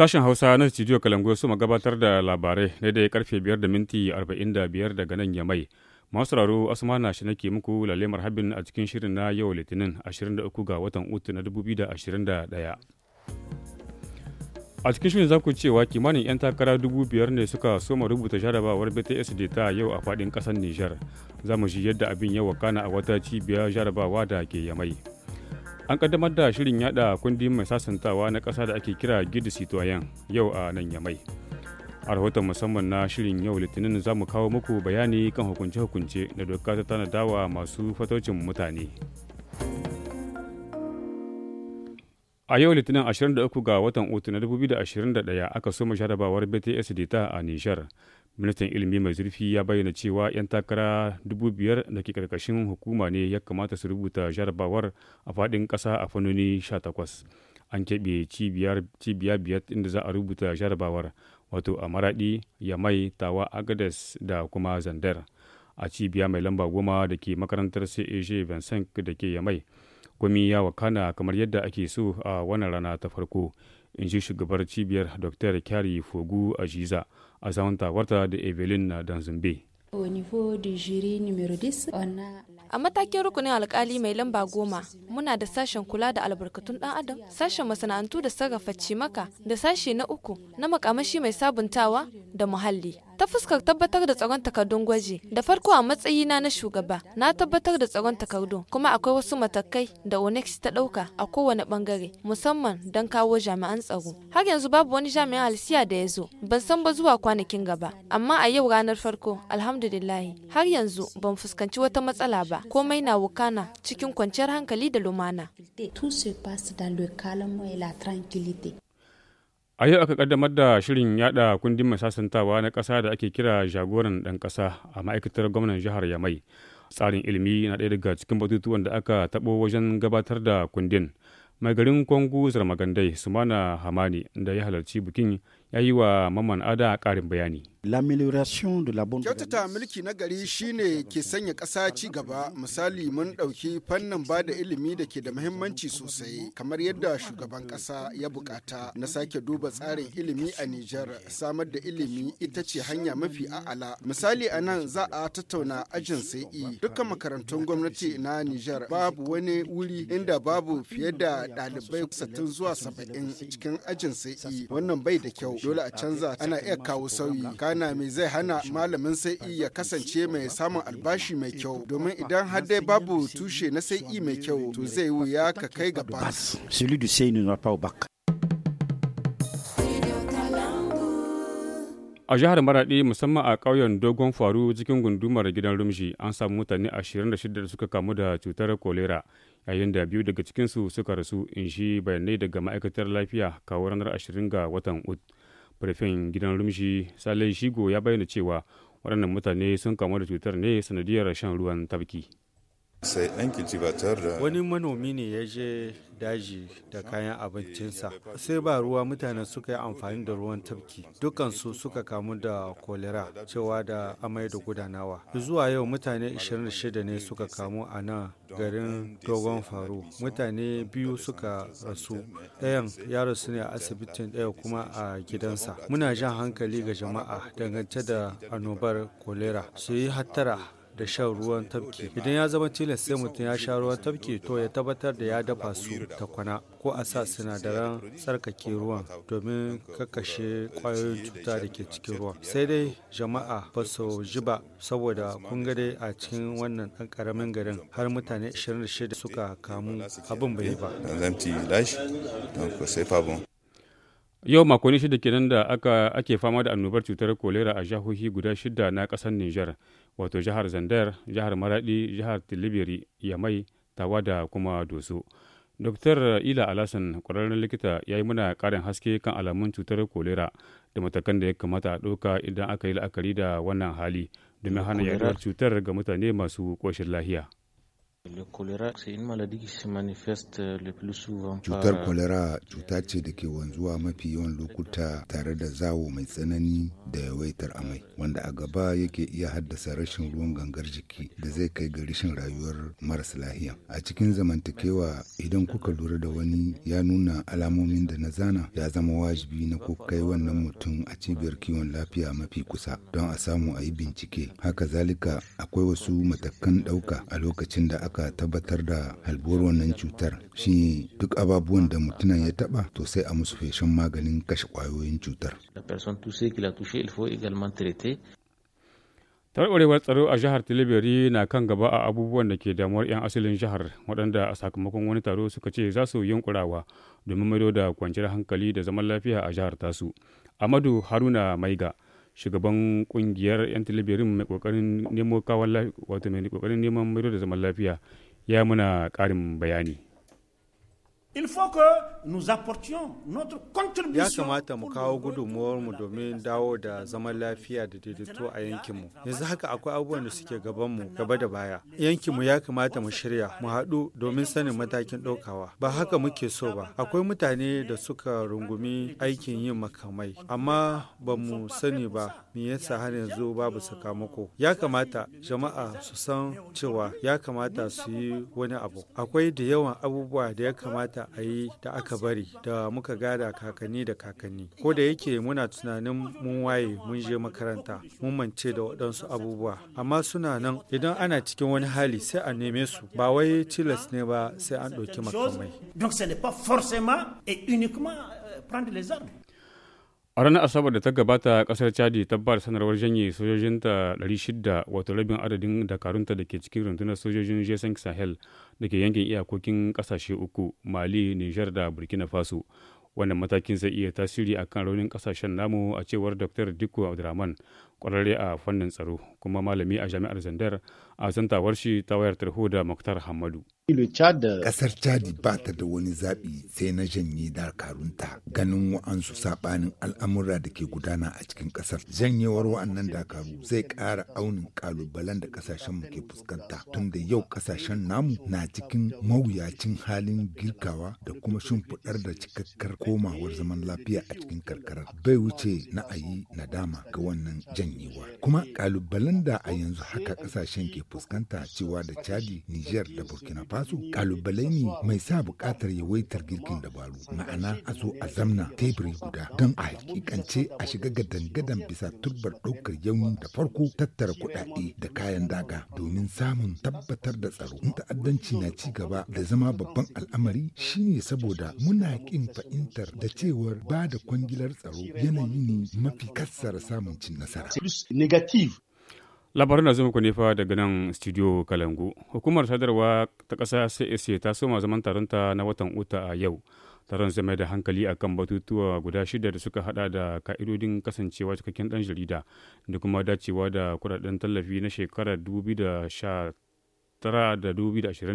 Sashen Hausa na Studio Kalangoyo suma gabatar da labarai na daidai karfe 5 da minti 45 daga nan Yamai. Masu raro na shi nake muku lalle marhabin a cikin shirin na yau Litinin 23 ga watan Utu na 2021. A cikin shirin za ku cewa kimanin 'yan takara dubu biyar ne suka soma rubuta jarabawar BTS ta yau a faɗin ƙasar Nijar. Za mu ji yadda abin ya kana a wata cibiyar jarabawa da ke ya mai. an kaddamar da shirin yada kundin mai sasantawa na kasa da ake kira gidi situayen yau a nan yamai a rahoton musamman na shirin yau litinin za mu kawo muku bayani kan hukunce-hukunce da doka ta tanadawa masu fatocin mutane a yau litinin 23 ga watan uku na 2021 aka soma jarabawar bts ta a nishar ministan ilimi mai zurfi ya bayyana cewa 'yan takara dubu biyar da ke karkashin hukuma ne ya kamata su rubuta jarabawar a fadin kasa a fannoni takwas an keɓe cibiya biyar inda za a rubuta jarabawar wato a maraɗi yamai tawa agades da kuma zandar a cibiya mai lamba goma da ke makarantar cag vincent da ke yamai komi ya wakana kamar yadda ake so a wannan rana ta farko in ji shugabar cibiyar dr kyari fogu a jiza a da evelyn na danzumbe A matakin rukunin alkali mai lamba goma muna da sashen kula da albarkatun dan adam, sashen masana'antu da sarrafa cimaka da sashe na uku na makamashi mai sabuntawa da muhalli. ta fuskar tabbatar da tsaron takardun gwaji da farko a matsayina na shugaba na tabbatar da tsaron takardu kuma akwai wasu matakai da onex ta ɗauka a kowane bangare musamman don kawo jami'an tsaro har yanzu babu wani jami'an halsiya da ya zo ban san ba zuwa kwanakin gaba amma a yau ranar farko alhamdulillah har yanzu ban fuskanci wata matsala ba komai na wukana cikin kwanciyar hankali da lumana A yau aka kaddamar da shirin yada kundin mai sasantawa na ƙasa da ake kira jagoran ɗan ƙasa a ma'aikatar gwamnan jihar Yamai. Tsarin ilimi na ɗaya daga cikin batutuwan da aka taɓo wajen gabatar da kundin. Mai garin Kwangu Zarmagandai Sumana Hamani da ya halarci bikin ya yi wa Maman Ada ƙarin bayani. Kyautata mulki na gari shine ke sanya ƙasa ci gaba misali mun ɗauki fannin ba da ilimi da ke da muhimmanci sosai kamar yadda shugaban ƙasa ya bukata na sake duba tsarin ilimi a Nijar samar da ilimi ita ce hanya mafi a'ala misali a nan za a tattauna ajin sai dukkan makarantun gwamnati na Nijar babu wani wuri inda babu fiye da ɗalibai 60 zuwa 70 cikin ajin sai wannan bai da kyau dole a canza ana iya kawo sauyi kana me zai hana malamin sai'i e ya kasance mai samun albashi mai kyau domin idan har dai babu tushe na sai'i e mai kyau to zai wuya ka kai ga a jihar maraɗi musamman a ƙauyen dogon faru cikin gundumar gidan rumshi an samu mutane 26 da suka kamu da cutar kolera yayin da biyu daga cikinsu suka rasu in shi bayanai daga ma'aikatar lafiya kawo ranar 20 ga watan ut Firfin gidan Rumshi salen Shigo ya bayyana cewa waɗannan mutane sun kamu da cutar ne sanadiyar shan ruwan tafki. sai ɗan cultivator da wani manomi ne ya je daji da kayan abincinsa sai ba ruwa mutane suka yi amfani da ruwan tafki dukansu suka kamu da kolera cewa da amai da gudanawa zuwa yau mutane 26 ne suka kamu a nan garin dogon faru. mutane biyu suka rasu ɗayan ya rasu ne a asibitin ɗaya kuma a gidansa muna jan hankali ga jama'a dangance da annobar kolera su yi hattara da shan ruwan tabki idan ya zama tilas sai mutum ya sha ruwan tafki to ya tabbatar da ya dafa su ta kwana ko a sa sinadaran tsarkake ruwan domin kakashe kwayoyin cuta da ke cikin ruwan sai dai jama'a ba su ji ba saboda kun ga a cikin wannan dan karamin garin har mutane 26 suka kamu abin bai ba Yau makonni shida kenan da ake fama da annobar cutar kolera a jahohi guda shida na kasar Nijar. wato jihar Zandar, jihar Maradi, jihar Tilibiri, Yamai, Tawa da kuma Doso. Dr. Ila Alasan, kwararren likita ya yi muna ƙarin haske kan alamun cutar kolera da matakan da ya kamata a ɗauka idan aka yi la'akari da wannan hali domin hana yaduwar cutar ga mutane masu ƙoshin lahiya. E euh, Cutar kwalera euh, cuta ce da ke wanzuwa mafi yawan lokuta tare da zawo mai tsanani da yawaitar amai, wanda a gaba yake iya haddasa rashin ruwan gangar jiki da zai kai ga rashin rayuwar maras lahiya. A cikin zamantakewa idan kuka lura da wani ya nuna alamomin da na zana ya zama wajibi na ko kai wannan mutum a cibiyar kiwon lafiya mafi kusa don a samu a yi bincike. Haka zalika akwai wasu matakan ɗauka a lokacin da aka aka tabbatar da halbuwar wannan cutar shi duk ababuwan da mutumin ya taba to sai a musu feshin maganin kashe kwayoyin cutar. taɓarɓarewar tsaro a jihar tilibiri na kan gaba a abubuwan da ke damuwar 'yan asalin jihar waɗanda a sakamakon wani taro suka ce za su yunkurawa domin maido da kwanciyar hankali da zaman lafiya a jihar tasu amadu haruna maiga shugaban kungiyar 'yan talibirin mai kokarin nemo lafiya wato mai kokarin neman mai da zaman lafiya ya muna karin bayani Il faut que nous apportions notre contribution. Ya kamata mu kawo gudunmuwarmu domin dawo da zaman lafiya da daidaito a yankinmu. Yanzu haka akwai abubuwan da suke gaban mu gaba da baya. Yankinmu ya kamata mu shirya, mu haɗu domin sanin matakin ɗaukawa. Ba haka muke so ba. Akwai mutane da suka rungumi aikin yin makamai, amma ba mu sani ba me yasa har yanzu babu sakamako. Ya kamata jama'a su san cewa ya kamata su yi wani abu. Akwai da yawan abubuwa da ya kamata kamata a yi da aka bari da muka gada kakanni da kakanni ko da yake muna tunanin mun waye mun je makaranta mun mance da waɗansu abubuwa amma suna nan idan ana cikin wani hali sai a neme su ba wai tilas ne ba sai an ɗauki makamai a ranar asabar da ta gabata kasar chadi ta ba da sanarwar janye sojojinta 600 wato rabin adadin dakarunta da ke cikin rundunar sojojin jason sahel da ke yankin iyakokin kasashe uku mali niger da burkina faso wannan matakin zai iya tasiri a kan raunin kasashen namu a cewar dr dikko abdurrahman kwararre a fannin tsaro kuma malami a jami'ar Zandar a zantawar shi ta wayar tarho da Muktar Hamadu. Kasar Chadi ba ta da wani zaɓi sai na janye dakarunta ganin wa'ansu saɓanin al'amura da ke gudana a cikin ƙasar. Janyewar wa'annan dakaru zai ƙara aunin ƙalubalen da ƙasashen mu ke fuskanta tun da yau ƙasashen namu na cikin mawuyacin halin girkawa da kuma shimfiɗar da cikakkar komawar zaman lafiya a cikin karkarar. Bai wuce na ayi nadama ga wannan janyewa. Kuma ƙalubalen Kalubalen da a yanzu haka ƙasashen ke fuskanta cewa da Chadi, Niger da Burkina Faso kalubale ne mai sa buƙatar yawaitar girkin dabaru. Ma'ana a zo a zamna teburi guda don a hakikance a shiga gadan-gadan bisa turbar ɗaukar yauni da farko tattara kuɗaɗe da kayan daga domin samun tabbatar da tsaro. In ta'addanci na ci gaba da zama babban al'amari shine saboda muna kin fahimtar da cewar ba da kwangilar tsaro yanayi ne mafi kassara samun cin nasara. labarin da zama ku daga nan studio kalangu hukumar sadarwa ta ƙasa cac ta soma zaman taronta na watan uta a yau taron zai da hankali akan batutuwa guda shida da suka hada da ka'idodin kasancewa cikakken dan jarida da kuma dacewa da kudaden tallafi na shekarar 2019 da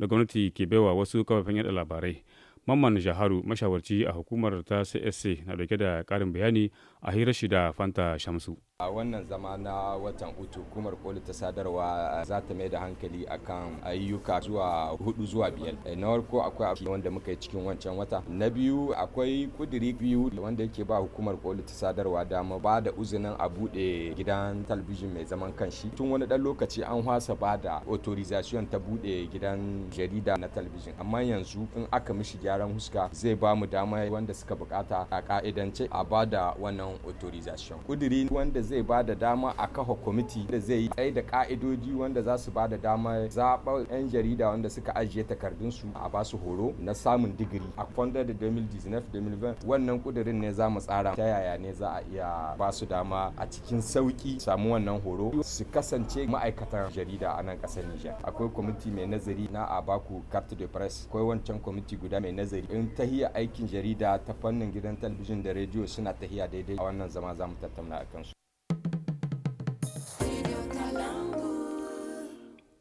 da gwamnati ke baiwa wasu kafafen yada labarai mamman jaharu mashawarci a hukumar ta csc na dauke da karin bayani a hira shi da Fanta Shamsu. a wannan zama na watan uku hukumar koli ta sadarwa eh, za ta mai da hankali akan ayyuka zuwa hudu zuwa biyar eh, na farko akwai abu wanda muka yi cikin wancan wata na biyu akwai kudiri biyu wanda yake ba hukumar koli ta sadarwa dama ba da uzinin a bude gidan talabijin mai zaman kanshi tun wani dan lokaci an hwasa ba da authorization ta bude gidan jarida na talbijin. amma yanzu in aka mishi gyaran huska zai ba mu dama wanda suka bukata a ka'idance a ba da wannan wannan authorization kudiri wanda zai ba da dama a kafa kwamiti da zai yi tsaye da ka'idoji wanda za su ba da dama zaɓar 'yan jarida wanda suka ajiye takardunsu a ba su horo na samun digiri a kwanda da 2019-2020 wannan kudirin ne za mu tsara ta yaya ne za a iya ba su dama a cikin sauki samu wannan horo su kasance ma'aikatan jarida a nan ƙasar Nijar akwai kwamiti mai nazari na abaku carte de presse akwai wancan kwamiti guda mai nazari in tahiya aikin jarida ta fannin gidan talabijin da rediyo suna tahiya daidai a wannan zama za mu tattauna akan su.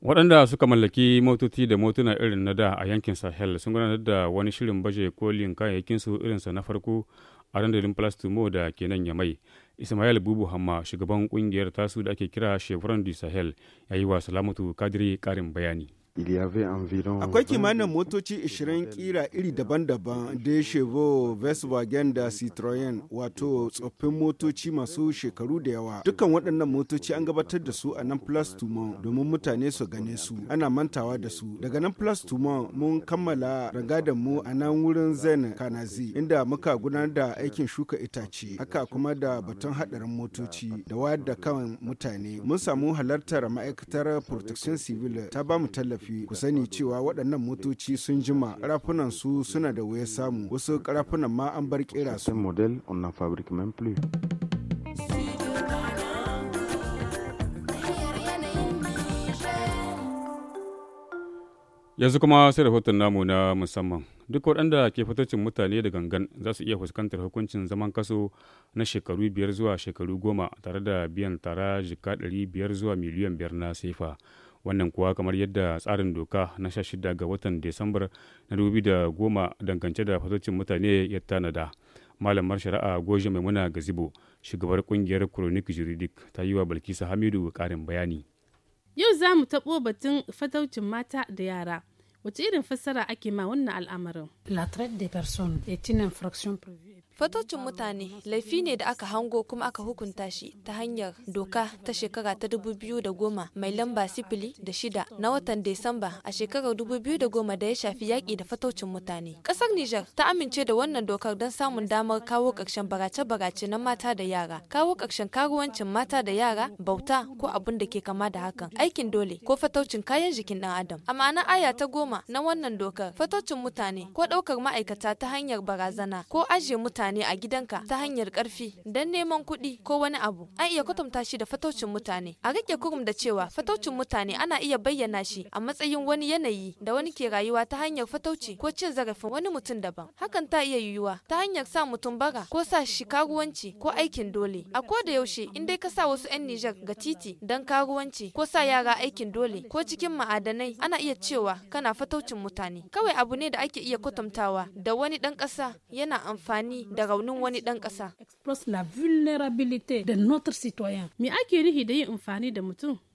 waɗanda suka mallaki motoci da motuna irin na da a yankin sahel sun gudanar da wani shirin baje kolin kayayyakin irin irinsa na farko a dandalin plastumo da ke nan yamai ismail bubu hamma shugaban kungiyar tasu da ake kira chevron du sahel ya yi wa salamatu kadiri karin bayani Environ... Akwai kimanin motoci 20 kira iri daban-daban da Chevo, Volkswagen da citroen. wato tsoffin motoci masu shekaru da yawa. Dukkan waɗannan motoci an gabatar da su a nan Plus Tumon domin mutane su gane su. Ana mantawa da su. Daga nan Plus Tumon mun kammala rangadan mu a nan wurin Zen Kanazi inda muka gudanar da aikin shuka itace. Haka kuma da batun haɗarin motoci da da kan mutane. Mun samu halartar ma'aikatar Protection Civil ta ba mu tallafi tafi ku sani cewa waɗannan motoci sun jima rafunan su suna da wuya samu wasu karafunan ma an bar kera su yanzu kuma sai rahoton namu na musamman duk waɗanda ke fitocin mutane da gangan za su iya fuskantar hukuncin zaman kaso na shekaru biyar zuwa shekaru goma tare da biyan tara jika ɗari biyar zuwa miliyan biyar na sefa wannan kuwa kamar yadda tsarin doka na sha shida ga watan Desambar na da goma dangance da fasocin mutane ya tanada. Malamar shari'a Goje Maimuna Gazibo, shugabar kungiyar Chronic Juridic, ta yi wa balkisa Hamidu ƙarin bayani. Yau za mu taɓo batun fataucin mata da yara. Wace irin fassara ake ma wannan al'amarin? La traite des personnes est une infraction prévue Fatocin mutane laifi ne da aka hango kuma aka hukunta shi ta hanyar doka ta shekara ta da goma mai lamba sifili da shida na watan Desamba a shekarar 2010 da ya shafi yaƙi da fatocin mutane. Ƙasar Nijar ta amince da wannan dokar don samun damar kawo ƙarshen barace-barace na mata da yara, kawo ƙarshen karuwancin mata da yara, bauta ko abin da ke kama da hakan, aikin dole ko fatocin kayan jikin ɗan adam. A ma'ana aya ta goma na wannan dokar fatocin mutane ko ɗaukar ma'aikata ta hanyar barazana ko ajiye mutane mutane a gidanka ta hanyar karfi don neman kuɗi ko wani abu an iya kwatanta shi da fataucin mutane a rike kurum da cewa fataucin mutane ana iya bayyana shi a matsayin wani yanayi da wani ke rayuwa ta hanyar fatauci ko cin zarafin wani mutum daban hakan ta iya yiwuwa ta hanyar sa mutum bara ko sa shi karuwanci ko aikin dole a ko da yaushe in dai ka sa wasu 'yan Nijar ga titi don karuwanci ko sa yara aikin dole ko cikin ma'adanai ana iya cewa kana fataucin mutane kawai abu ne da ake iya kwatantawa da wani dan ƙasa yana amfani da Expose la vulnérabilité de notre citoyen. ake da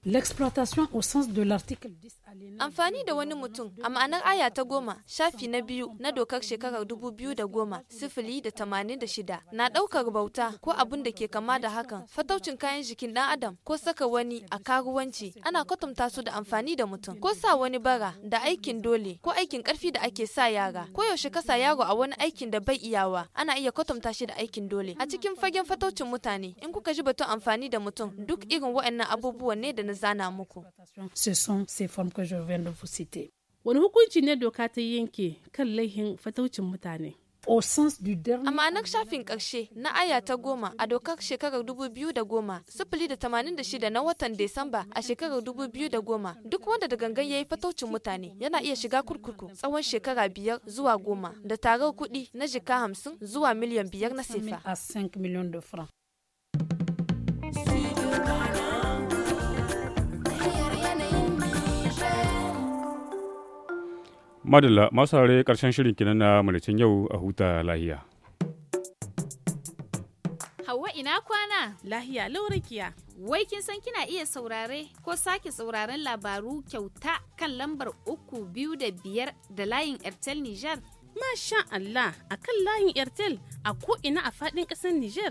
L'exploitation au sens de l'article 10. Amfani da wani mutum a ma'anar aya ta goma shafi na biyu na dokar shekarar dubu biyu da goma sifili da tamanin da shida na ɗaukar bauta ko abin da ke kama da hakan fataucin kayan jikin ɗan adam ko saka wani a karuwanci ana kwatanta su da amfani da mutum ko sa wani bara da aikin dole ko aikin ƙarfi da ake sa yara ko yaushe kasa yaro a wani aikin da bai iyawa ana iya kwatanta shi da aikin dole a cikin fagen fataucin mutane in kuka ji batun amfani da mutum duk irin waɗannan abubuwan ne da na zana muku. da Fusite. Wani hukunci ne doka ta yanke kan laihin fataucin mutane? a ma'anar shafin ƙarshe na aya ta goma a dokar shekarar goma sifili da tamanin da shida na watan Desamba a shekarar goma duk wanda da gangan ya yi fataucin mutane yana iya shiga kurkuku tsawon shekara biyar zuwa goma da tarar kuɗi na jika hamsin zuwa miliyan biyar na sefa. Madalla masu rare karshen shirin kinan na malicin yau a huta lahiya. Hauwa ina kwana? Lahiya laurakiya. Wai kin san kina iya saurare ko sake sauraren labaru kyauta kan lambar uku biyu da biyar da layin Airtel Niger? Masha Allah a kan layin Airtel a ko ina a faɗin ƙasar Niger.